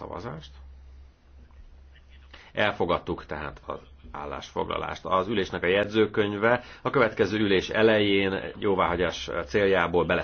szavazást. Elfogadtuk tehát az állásfoglalást. Az ülésnek a jegyzőkönyve a következő ülés elején jóváhagyás céljából bele